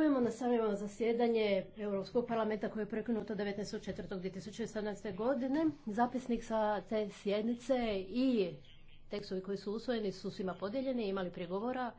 na za zasjedanje Europskog parlamenta koje je prekinuto 19.4.2018. godine. Zapisnik sa te sjednice i tekstovi koji su usvojeni su svima podijeljeni, imali prigovora.